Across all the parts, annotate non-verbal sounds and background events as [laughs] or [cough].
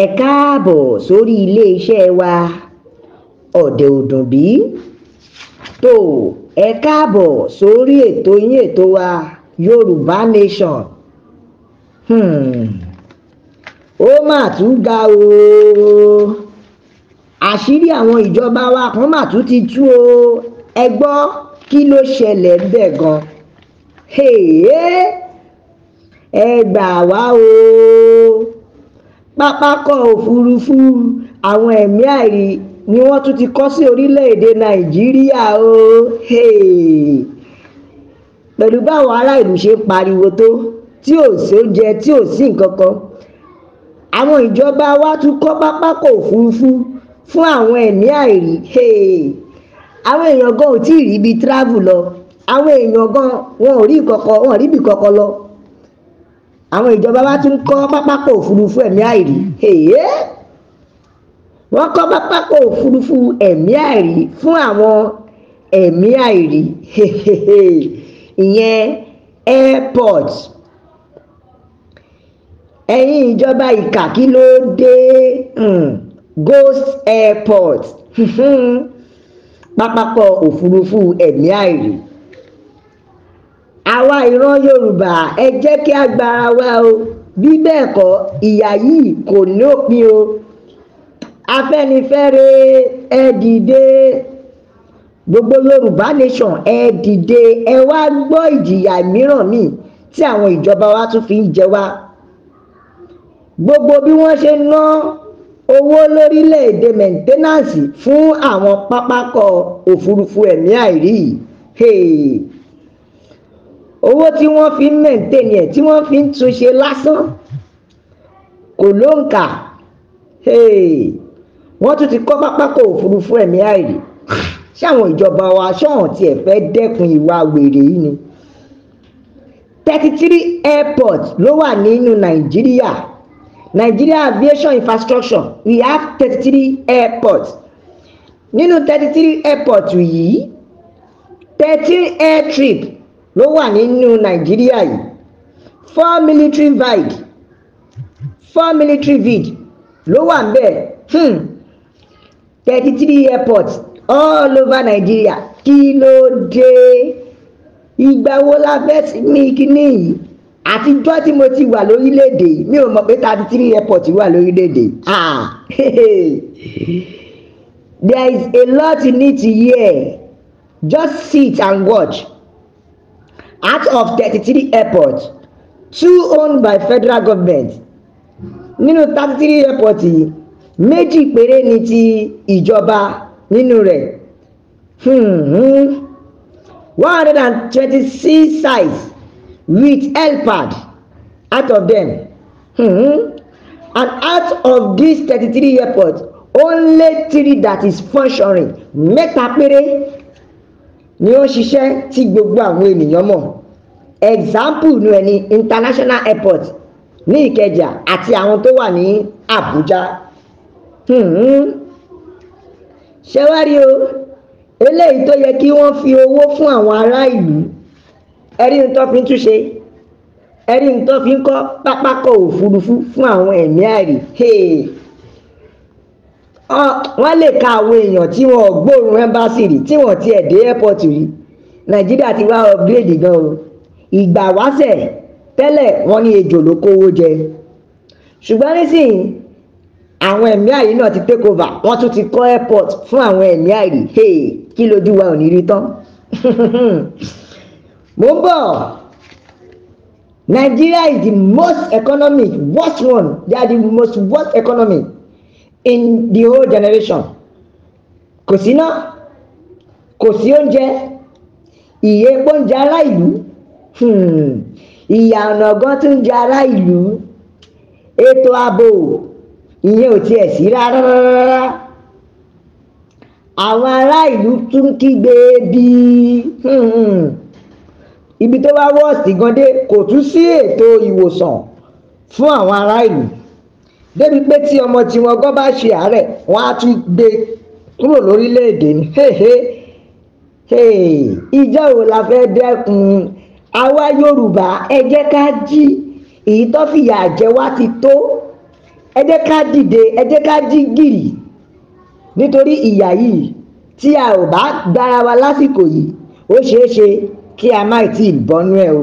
ẹ káàbọ̀ sórí iléeṣẹ́ wa ọ̀dẹ̀ òdùnbí tó ẹ káàbọ̀ sórí ètò yín ètò wa yorùbá nation hmm, ó mà tún ga o àṣírí àwọn ìjọba wa kan mà tún ti tú o ẹ gbọ́ kí ló ṣẹlẹ̀ ńbẹ̀ gan ẹ gbà wá o pápákọ̀ òfurufú àwọn ẹ̀mí àìrí ni wọ́n tún ti kọ́ sí orílẹ̀-èdè nàìjíríà o pẹ̀lú báwọn ará ìlú ṣe ń pariwo tó tí ò sí oúnjẹ tí ò sí nǹkan kan àwọn ìjọba wa tún kọ́ pápákọ̀ òfurufú fún àwọn ẹ̀mí àìrí àwọn èèyàn gan ò tí ì rí ibi travel lọ àwọn èèyàn gan wọn ò rí ìkọ̀kọ̀ wọn ò rí ibì kọ̀kọ̀ lọ àwọn ìjọba wa tún kọ́ pápákọ̀ òfurufú ẹ̀mí àìrí èyí wọ́n kọ́ pápákọ̀ òfurufú ẹ̀mí àìrí fún àwọn ẹ̀mí àìrí ìyẹn airport ẹ̀yin ìjọba ìkà kí ló dé hmm, ghost airport [laughs] pápákọ̀ òfurufú ẹ̀mí àìrè àwa ìran yorùbá ẹ jẹ́ kí a gbára wa o bí bẹ́ẹ̀ kọ́ ìyà yìí kò ní òpin o afẹ́nifẹ́re ẹ dìde gbogbo yorùbá nation ẹ dìde ẹ wá gbọ́ ìjìyà mìíràn míì tí àwọn ìjọba wa tún fi ń jẹ wá gbogbo bí wọ́n ṣe ná owó lórílẹ̀‐èdè mẹ́ńtẹ́nànsì fún àwọn pápákọ̀ òfurufú ẹ̀mí àìrí owó tí wọ́n fi ń mẹ́ńtẹ́nì ẹ̀ tí wọ́n fi ń túnṣe lásán kò ló ń kà wọ́n tún ti kọ́ pápákọ̀ òfurufú ẹ̀mí àìrí ṣáwọn ìjọba wa ṣọ́hàn tiẹ̀ fẹ́ dẹ́kun ìwà wèrè yìí ni thirty three airport ló wà nínú nàìjíríà Nigeria aviation infrastructure we have thirty three airports nínú thirty three airports yìí thirteen air trip ló wà nínú Nàìjíríà yìí four military vig four military vig ló wà níbẹ̀ hmm. thirty three airports all over Nigeria kí ló dé ìgbà wo la fẹ́ sinmi kíní yìí àtijọ́ tí mo ti wà lórílẹ̀‐èdè mi ò mọ̀ pé thirty three airport wà lórílẹ̀‐èdè ah, [laughs] there is a lot you need to hear just sit and watch out of thirty three airports two owned by federal government nínú thirty three airports yìí méjì péré ni ti ìjọba nínú rẹ̀ hmm, hmm. one hundred and twenty six sites with helped out of them. hmm And out of these thirty-three airports, only three that is functioning mẹ́ta péré ni ó ṣiṣẹ́ tí gbogbo àwọn ènìyàn mọ̀. Example nu ẹni international airport ní Ìkẹjà àti àwọn tó wà ní Àbújá. hmm Ṣé wá rí o, eléyìí tó yẹ kí wọ́n fi owó fún àwọn ará ìlú ẹ̀rí ń tọ́ fi ń túnṣe ẹ̀rí ń tọ́ fi ń kọ́ pápákọ̀ òfurufú fún àwọn ẹ̀mí àìrí wọ́n lè ka àwọn èèyàn tí wọ́n gbóòórùn ẹ́mbásì rí tí wọ́n ti ẹ̀dẹ́ airport rí nàìjíríà ti wá upgrade gan o ìgbà wáṣẹ̀ tẹ́lẹ̀ wọ́n ní ejò ló kówó jẹ ṣùgbọ́n nísìnyí àwọn ẹ̀mí àìrí náà ti take over wọ́n tún ti kọ́ airport fún àwọn ẹ̀mí àìrí kí lójú wa ò ní rí tán [laughs] mo ń Nigeria is the most economic worst one they are the most worst economy in the whole generation kò sí iná kò sí oúnjẹ ìyè epo ń jẹ ará ìlú hmm, ìyà ọ̀nà gan tún jẹ ará ìlú ètò ààbò ìyẹn ò tiẹ̀ sí rárá àwọn ará ìlú tún kígbe bí. Hmm. hmm ibi tó bá wọ́ọ̀sì gan dé kò tún sí ètò ìwòsàn fún àwọn ará ìlú débi pé tí ọmọ tiwọn gan bá ṣe àárẹ̀ wọ́n á tún gbé kúrò lórílẹ̀‐èdè ni ìjọ wo la fẹ́ dẹ́kun àwa Yorùbá ẹ jẹ́ ká jí èyí tó fìyà jẹ wá ti tó ẹ jẹ́ ká dìde ẹ jẹ́ ká jí gìrì nítorí ìyà yìí tí a ò bá gbára wa lásìkò yìí ó ṣeé ṣe kí a má tí ì bọ́nú ẹ̀ o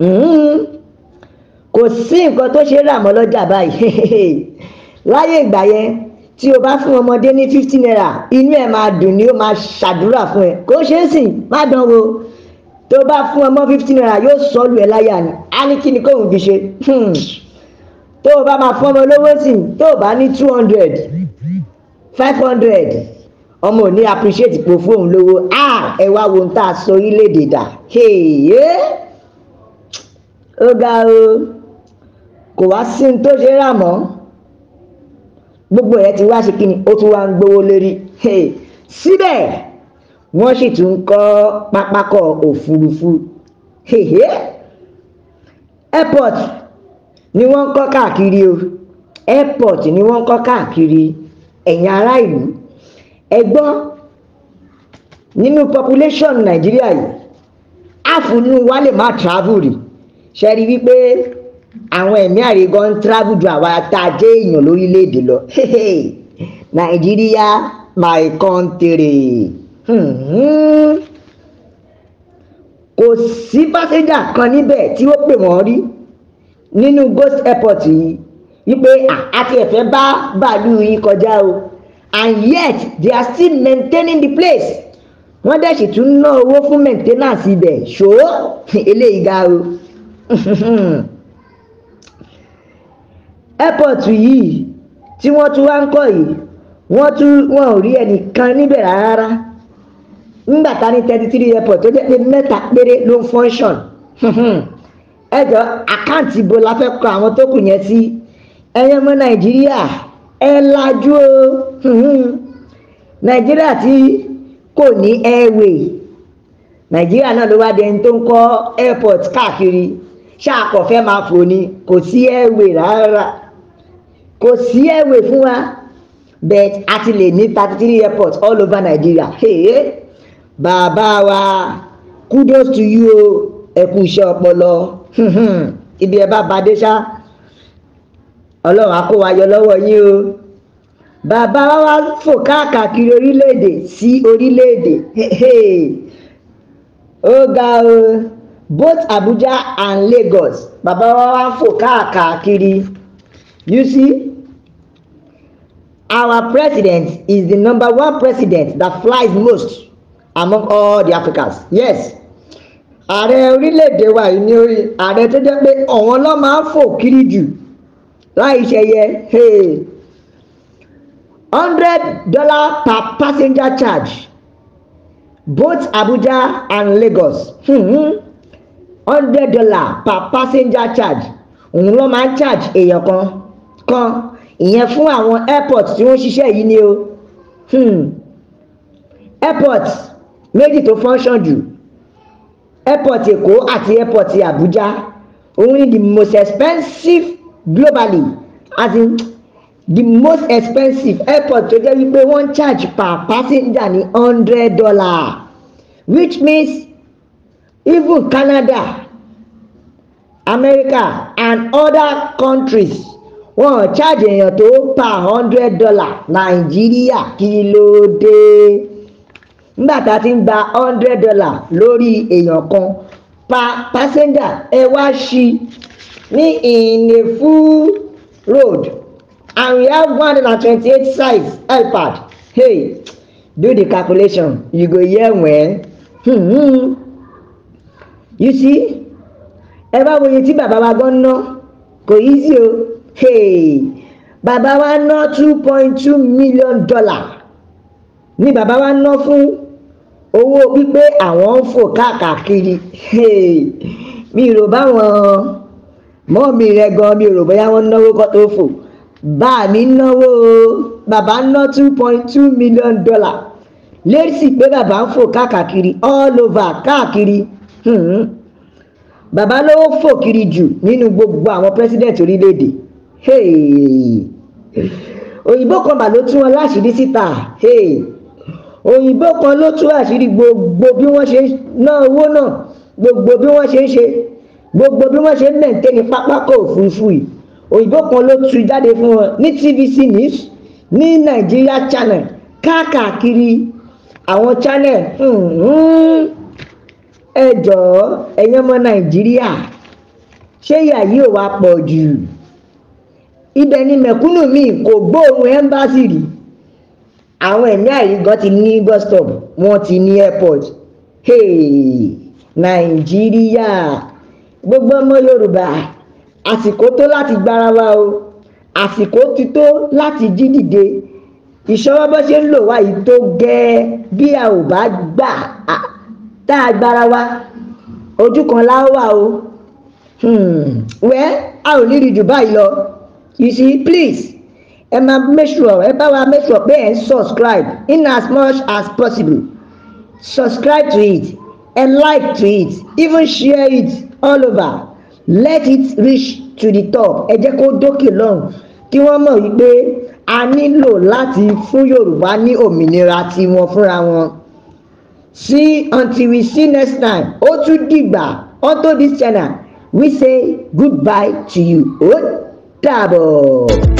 hmm. kò sí nǹkan tó ṣe rà mọ́ lọ́jà báyìí [laughs] láyé ìgbà yẹn tí o bá fún ọmọdé ní fifty naira inú ẹ̀ máa dùn ni ó máa ṣàdúrà fún ẹ kó ṣe é sìn má dán wo tó bá fún ọmọ fifty naira yóò sọlù ẹ láyà ni á ní kí ni kóun fi ṣe hmm. tó o bá máa fún ọmọ olówó sìn tó o bá ní two hundred five hundred ọmọ ò ní appreciate pò fóun lówó ẹ wá wo ohun tá a sọ orílẹ̀-èdè dà ó ga o kò wá sí ohun tó ṣe rà mọ́ gbogbo ẹ̀ ti wá ṣe kí ó tún wá ń gbowó lórí síbẹ̀ wọ́n sì tún kọ́ pápákọ̀ òfurufú airport ni wọ́n ń kọ́ káàkiri o airport ni wọ́n ń kọ́ káàkiri ẹ̀yin ará ìlú ẹ gbọ́ nínú population nàìjíríà yìí àfúnú wa lè má travel rí ṣe rí wípé àwọn ẹ̀mí àrígan ń travel ju àwa tá a jẹ́ èèyàn lórílẹ̀‐èdè lọ nàìjíríà my country kò sí pásẹ́jà kan níbẹ̀ tí ó pè wọ́n rí nínú ghost airport yìí wípé àti ẹ̀fẹ́ bá bàálù yìí kọjá o. and yet they are still maintaining the place wọ́n dẹ̀ sì tún ná owó fún maintenance ibẹ ṣó [laughs] eléyìí ga o [laughs] airport yìí tí wọ́n tún wá ń kọ́ yìí wọ́n tún wọn ò rí ẹnìkan níbẹ̀ rárá nígbà tá ní thirty three airport tó jẹ́ pé mẹ́ta péré ló ń function [laughs] ẹ jọ àkáǹtì ibo la fẹ́ kọ àwọn tó kù yẹn sí ẹ̀yẹ́mọ́ nàìjíríà. ẹ lajú o nàìjíríà tí kò ní airway nàìjíríà náà ló wá dẹni tó ń kọ́ airport káàkiri ṣáàkọ̀ fẹ́ máa fò ni kò sí airway rárá kò sí airway fún wa but a ti lè ní thirty three airports all over Nigeria hey, bàbá wa kudos to you o ẹ kú iṣẹ́ ọpọlọ ibi ẹ bá ba dé ọlọ́run á wa yọ lọ́wọ́ yín o bàbá wa wá fò káàkiri orílẹ̀-èdè sí orílẹ̀-èdè ó ga o both Abuja and Lagos bàbá wa wá fò káàkiri you see our president is the number one president that flies most among all the Africans yes ààrẹ orílẹ̀-èdè wa yìí ni ààrẹ tó jẹ́ pé ọ̀wọ́n ló máa ń fò kiri jù láì ṣẹyẹ hundred dollar per passenger charge both Abuja and Lagos hmm. hundred dollar per passenger charge òun ló máa ń charge èèyàn kan kan ìyẹn fún àwọn airport tí wọ́n ṣiṣẹ́ yìí ni o hmm. airport méjì tó function jù airport Èkó àti airport Abuja òun ni the most expensive globally as in the most expensive airport tó you wípé one charge per passenger ní hundred dollar which means even Canada America and other countries wọ́n charge èèyàn tó per hundred dollar Nàìjíríà kí ló dé nígbà tá a ti ń gba hundred dollar lórí èèyàn kan per passenger ẹ wá sí i in a full road and we have one hundred and twenty-eight sites helped hey do the calculation you go hear well hmm you see ẹ bá wo iye tí bàbá wa gan ná kò easy o hey bàbá wa ná two point two million dollar ni bàbá wa ná fún owó pípé àwọn ń fò káàkiri hey mi ò rò báwọn mọ́ọ̀mì rẹ gan mi ò rò bóyá wọ́n náwó kọ́ tó fò bá mi náwó bàbá ná two point two million dollar lẹ́sì pé bàbá ń fò káàkiri all over káàkiri hmm. bàbá ló fò kiri jù nínú gbogbo àwọn president orílẹ̀-èdè òyìnbó kan mà ló tú wọn láṣìírí síta òyìnbó kan ló tú àṣírí gbogbo bí wọ́n ṣe ná owó náà gbogbo bí wọ́n ṣe ń ṣe gbogbo bí wọ́n ṣe ń mẹ̀ǹtẹ́ ní pápákọ̀ òfurufú yìí òyìnbó kan ló tú jáde fún wọn ní TVC news ní Nigeria channel káàkiri àwọn channel hmm, hmm. ẹ jọ̀ọ́ ẹ̀yin ọmọ Nàìjíríà ṣé yàyí ò wá pọ̀ jù ibẹ̀ ni mẹ̀kúnnù mi kò gbóòórùn ẹ́mbásì rí àwọn ẹ̀mí àìrígan ti ní bus stop wọ́n ti ní airport hey Nàìjíríà gbogbo ọmọ yorùbá àsìkò tó láti gbára wa o àsìkò ti tó láti jí dìde ìṣọwọ́ bó ṣe ń lò wá yìí tó gẹ́ẹ́ bí a ò bá gbà tá a gbára wa ojú kan la wà o hmm. wẹ́ a ò ní rí jù báyìí lọ you see please ẹ máa make sure ẹ bá wa make pé ẹ ń subscribe in as much as possible subscribe to it and like to it even share it all over let it reach to the top ẹ jẹ́ kó dókè lọ́rùn kí wọ́n mọ̀ wípé a nílò láti fún Yorùbá ní òmìnira tiwọn fúnra wọn see until we see next time ó tún dìgbà unto this channel we say goodbye to you ó dàbọ̀.